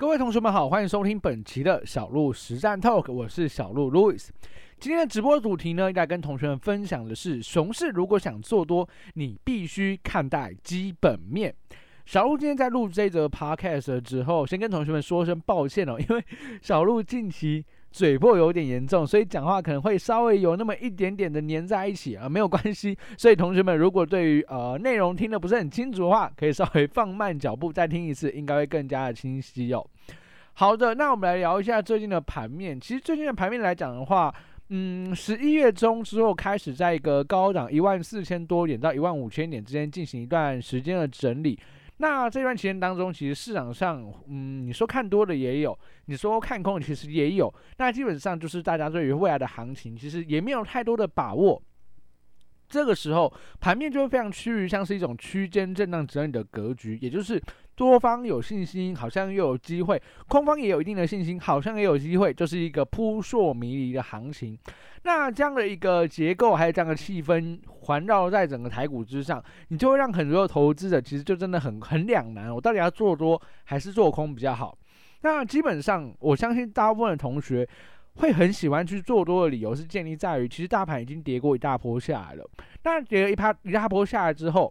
各位同學們好，歡迎收聽本期的小鹿實戰 Talk，我是小鹿 Louis。今天的直播主題呢，應該跟同學們分享的是：熊市如果想做多，你必須看待基本面。小鹿今天在錄這則 Podcast 之後，先跟同學們說聲抱歉哦，因為小鹿近期，嘴破有點嚴重，所以講話可能會稍微有那麼一點點的粘在一起啊，沒有關係。所以同學們如果對於呃內容聽得不是很清楚的話，可以稍微放慢腳步再聽一次，應該會更加的清晰哦。好的，那我們來聊一下最近的盤面。其實最近的盤面來講的話，嗯，十一月中之後開始在一個高檔一萬四千多點到一萬五千點之間進行一段時間的整理。那這段期間當中，其實市場上，嗯，你說看多的也有，你說看空其實也有。那基本上就是大家對於未來的行情，其實也沒有太多的把握。這個時候，盤面就會非常趨於像是一種區間震盪整理的格局，也就是。多方有信心，好像又有機會；空方也有一定的信心，好像也有機會。就是一個撲朔迷離的行情。那這樣的一個結構，還有這樣的氣氛環繞在整個台股之上，你就會讓很多投資者其實就真的很很兩難：我到底要做多還是做空比較好？那基本上，我相信大部分的同學會很喜歡去做多的理由是建立在於，其實大盤已經跌過一大波下來了。那跌了一趴一大波下來之後。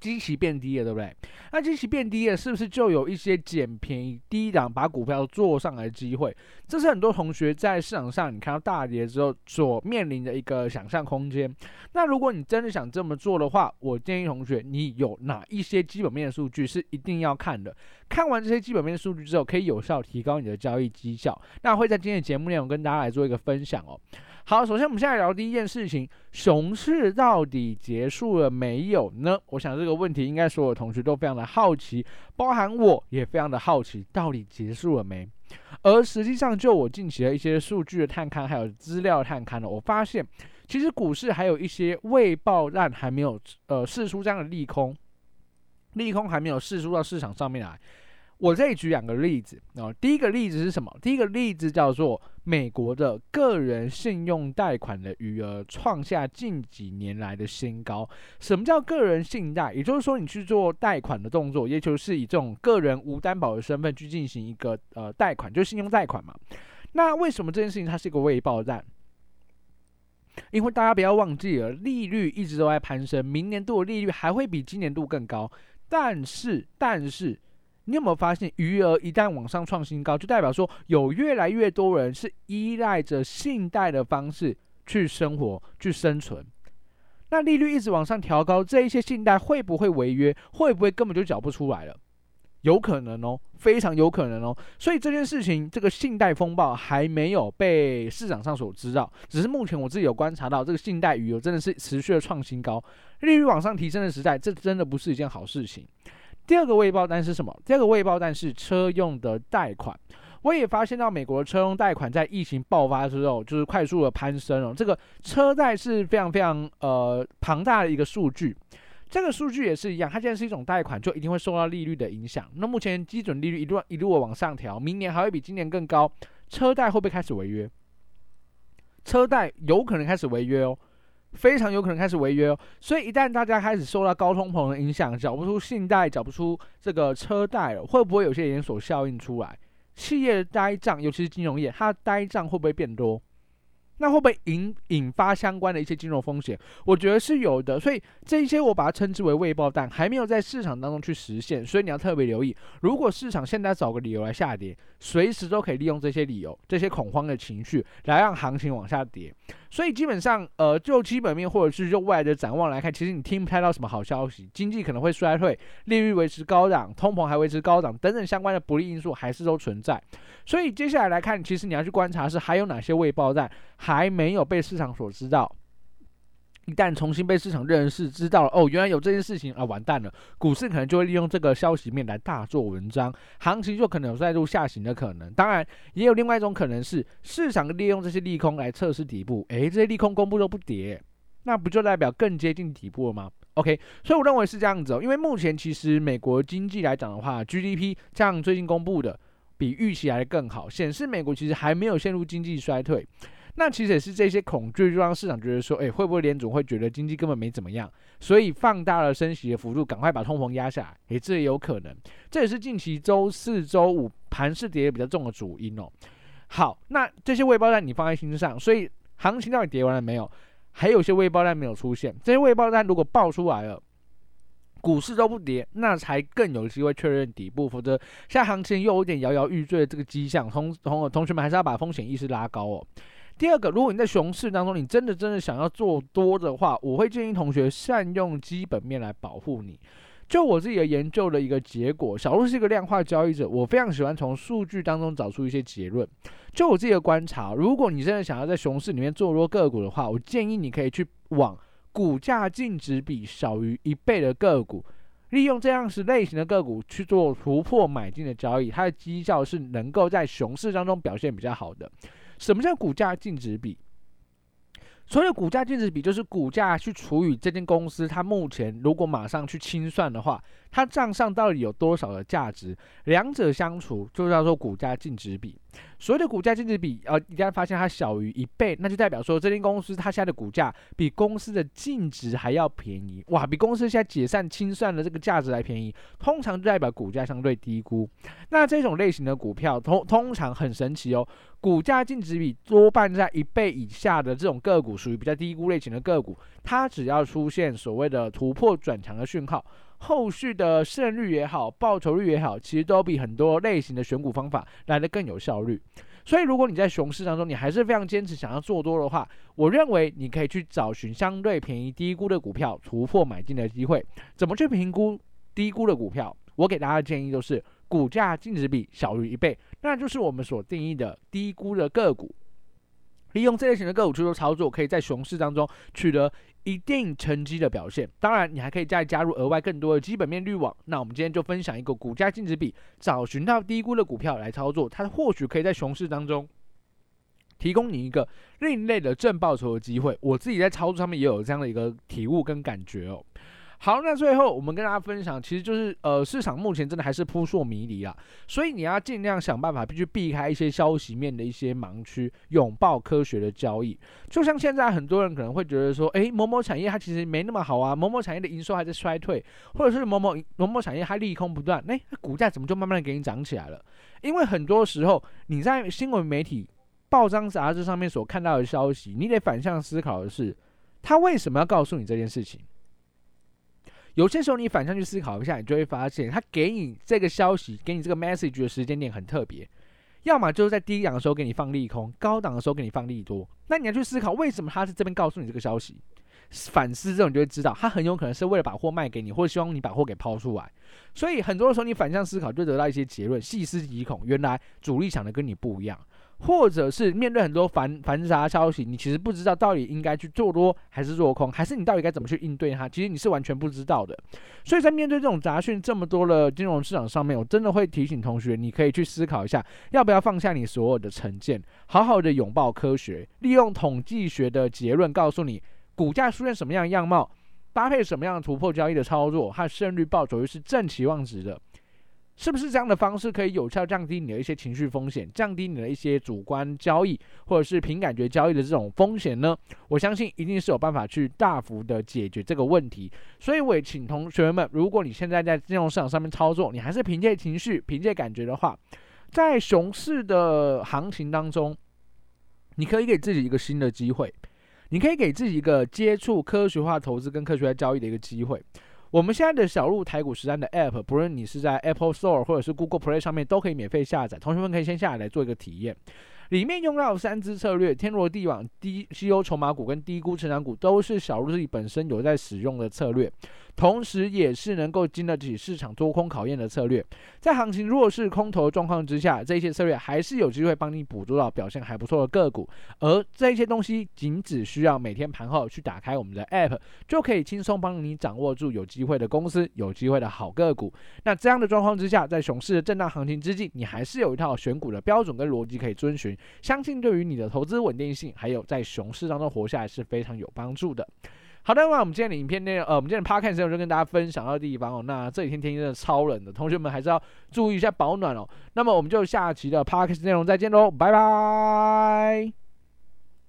基期變低了，對不對？那基期變低了，是不是就有一些撿便宜、低檔把股票做上來的機會？這是很多同學在市場上你看到大跌之後所面臨的一個想象空間。那如果你真的想這麼做的話，我建議同學，你有哪一些基本面的數據是一定要看的？看完這些基本面的數據之後，可以有效提高你的交易績效。那會在今天的節目內容跟大家來做一個分享哦。好，首先我們先來聊第一件事情，熊市到底結束了沒有呢？我想這個問題應該所有同學都非常的好奇，包含我也非常的好奇，到底結束了沒？而實際上，就我近期的一些數據的探勘，還有資料的探勘呢，我發現其實股市還有一些未爆彈還沒有呃釋出這樣的利空，利空還沒有釋出到市場上面來。我這裡舉兩個例子啊、哦，第一個例子是什麼？第一個例子叫做，美國的個人信用貸款的餘額創下近幾年來的新高。什麼叫個人信貸？也就是說，你去做貸款的動作，也就是以這種個人無擔保的身份去進行一個呃貸款，就是信用貸款嘛。那為什麼這件事情它是一個未爆彈？因為大家不要忘記了，利率一直都在攀升，明年度的利率還會比今年度更高。但是，但是。你有沒有發現，餘額一旦往上創新高，就代表說有越來越多人是依賴着信貸的方式去生活、去生存。那利率一直往上調高，這一些信貸會不會違約？會不會根本就繳不出來了？有可能哦，非常有可能哦。所以這件事情，這個信貸風暴還沒有被市場上所知道，只是目前我自己有觀察到，這個信貸餘額真的是持續的創新高，利率往上提升的時代，這真的不是一件好事情。第二個未爆彈是什麼？第二個未爆彈是車用的貸款。我也發現到美國的車用貸款在疫情爆發之後，就是快速的攀升哦。這個車貸是非常非常呃龐大的一個數據，這個數據也是一樣，它既然是一種貸款，就一定會受到利率的影響。那目前基準利率一路一路往上調，明年還會比今年更高，車貸會不會開始違約？車貸有可能開始違約哦。非常有可能開始違約哦，所以一旦大家開始受到高通膨的影響，繳不出信貸，繳不出這個車貸了，會不會有些連鎖效應出來？企業的呆賬，尤其是金融業，它的呆賬會不會變多？那會不會引引發相關的一些金融風險？我覺得是有的，所以這一些我把它稱之為未爆彈，還沒有在市場當中去實現，所以你要特別留意。如果市場現在找個理由來下跌，隨時都可以利用這些理由、這些恐慌的情緒來讓行情往下跌，所以基本上，呃，就基本面或者是就未來的展望來看，其實你聽不太到什麼好消息，經濟可能會衰退，利率維持高漲，通膨還維持高漲等等相關的不利因素還是都存在。所以接下來來看，其實你要去觀察是還有哪些未爆彈，還沒有被市場所知道。一旦重新被市場認識，知道了哦，原來有這件事情啊、呃，完蛋了，股市可能就會利用這個消息面來大做文章，行情就可能有再度下行的可能。當然，也有另外一種可能是，市場利用這些利空來測試底部，誒，這些利空公布都不跌，那不就代表更接近底部了嗎？OK，所以我認為是這樣子哦，因為目前其實美國經濟來講的話，GDP 像最近公布的比預期來的更好，顯示美國其實還沒有陷入經濟衰退。那其實也是這些恐懼，就讓市場覺得說：“哎、欸，會不會聯準會覺得經濟根本沒怎麼樣？所以放大了升息的幅度，趕快把通膨壓下來。”欸哎，這也有可能，這也是近期週四、週五盤勢跌得比較重的主因哦。好，那這些未爆彈你放在心上，所以行情到底跌完了沒有？還有些未爆彈沒有出現，這些未爆彈如果爆出來了，股市都不跌，那才更有機會確認底部，否則現在行情又有點搖搖欲墜的這個跡象。同同同學們還是要把風險意識拉高哦。第二個，如果你在熊市當中，你真的真的想要做多的話，我會建議同學善用基本面來保護你。就我自己的研究的一個結果，小路是一個量化交易者，我非常喜歡從數據當中找出一些結論。就我自己的觀察，如果你真的想要在熊市裡面做多個股的話，我建議你可以去往股價淨值比小於一倍的個股，利用這樣子類型的個股去做突破買進的交易，它的績效是能夠在熊市當中表現比較好的。什麼叫股價淨值比？所謂股價淨值比，就是股價去除以這間公司它目前如果馬上去清算的話。它賬上到底有多少的價值？兩者相除，就是叫做股價淨值比。所謂的股價淨值比，呃，一旦發現它小於一倍，那就代表說這間公司它現在的股價比公司的淨值還要便宜哇，比公司現在解散清算的這個價值還便宜。通常就代表股價相對低估。那這種類型的股票，通通常很神奇哦。股價淨值比多半在一倍以下的這種個股，屬於比較低估類型的個股。它只要出現所謂的突破轉強的訊號。後續的勝率也好，報酬率也好，其實都比很多類型的選股方法來得更有效率。所以，如果你在熊市當中，你還是非常堅持想要做多的話，我認為你可以去找尋相對便宜、低估的股票，突破買進的機會。怎麼去評估低估的股票？我給大家的建議就是，股價淨值比小於一倍，那就是我們所定義的低估的個股。利用這類型的個股去做操作，可以在熊市當中取得一定成績的表現。當然，你還可以再加入額外更多的基本面濾網。那我們今天就分享一個股價淨值比，找尋到低估的股票來操作，它或許可以在熊市當中提供你一個另類的正報酬的機會。我自己在操作上面也有這樣的一個體悟跟感覺哦。好，那最後我們跟大家分享，其實就是呃，市場目前真的還是撲朔迷離啊，所以你要盡量想辦法，必須避開一些消息面的一些盲區，擁抱科學的交易。就像現在很多人可能會覺得說，誒、欸，某某產業它其實沒那麼好啊，某某產業的營收還在衰退，或者是某某某某產業它利空不斷，那、欸、股價怎麼就慢慢的給你漲起來了？因為很多時候你在新聞媒體、報章雜誌上面所看到的消息，你得反向思考的是，他為什麼要告訴你這件事情？有些時候你反向去思考一下，你就會發現他給你這個消息、給你這個 message 的時間點很特別，要麼就是在低檔的時候給你放利空，高檔的時候給你放利多。那你要去思考為什麼他是這邊告訴你這個消息，反思之後你就會知道，他很有可能是為了把貨賣給你，或者希望你把貨給拋出來。所以很多的時候你反向思考就得到一些結論，細思極恐，原來主力想的跟你不一樣。或者是面對很多繁繁雜的消息，你其實不知道到底應該去做多還是做空，還是你到底該怎麼去應對它，其實你是完全不知道的。所以在面對這種雜訊這麼多的金融市場上面，我真的會提醒同學，你可以去思考一下，要不要放下你所有的成見，好好的擁抱科學，利用統計學的結論告訴你股價出現什麼樣的樣貌，搭配什麼樣的突破交易的操作，它的勝率報酬率，又是正期望值的。是不是這樣的方式可以有效降低你的一些情緒風險，降低你的一些主觀交易或者是憑感覺交易的這種風險呢？我相信一定是有辦法去大幅的解決這個問題。所以我也請同學們，如果你現在在金融市場上面操作，你還是憑借情緒、憑借感覺的話，在熊市的行情當中，你可以給自己一個新的機會，你可以給自己一個接觸科學化投資跟科學化交易的一個機會。我們現在的小路台股實戰的 App，不論你是在 Apple Store 或者是 Google Play 上面都可以免費下載。同學們可以先下來做一個體驗，裡面用到三支策略：天羅地網、低績優籌碼股跟低估成長股，都是小路自己本身有在使用的策略。同時，也是能夠經得起市場多空考驗的策略，在行情弱勢空頭狀況之下，這些策略還是有機會幫你捕捉到表現還不錯的個股。而這些東西，僅只需要每天盤後去打開我們的 App，就可以輕鬆幫你掌握住有機會的公司、有機會的好個股。那這樣的狀況之下，在熊市的震盪行情之際，你還是有一套選股的標準跟邏輯可以遵循，相信對於你的投資穩定性，還有在熊市當中活下來是非常有幫助的。好的，那我們今天的影片內容，呃，我們今天的 Podcast 內容就跟大家分享到的地方哦。那這幾天天氣真的超冷的，同學們還是要注意一下保暖哦。那麼我們就下期的 Podcast 內容再見嘍，拜拜。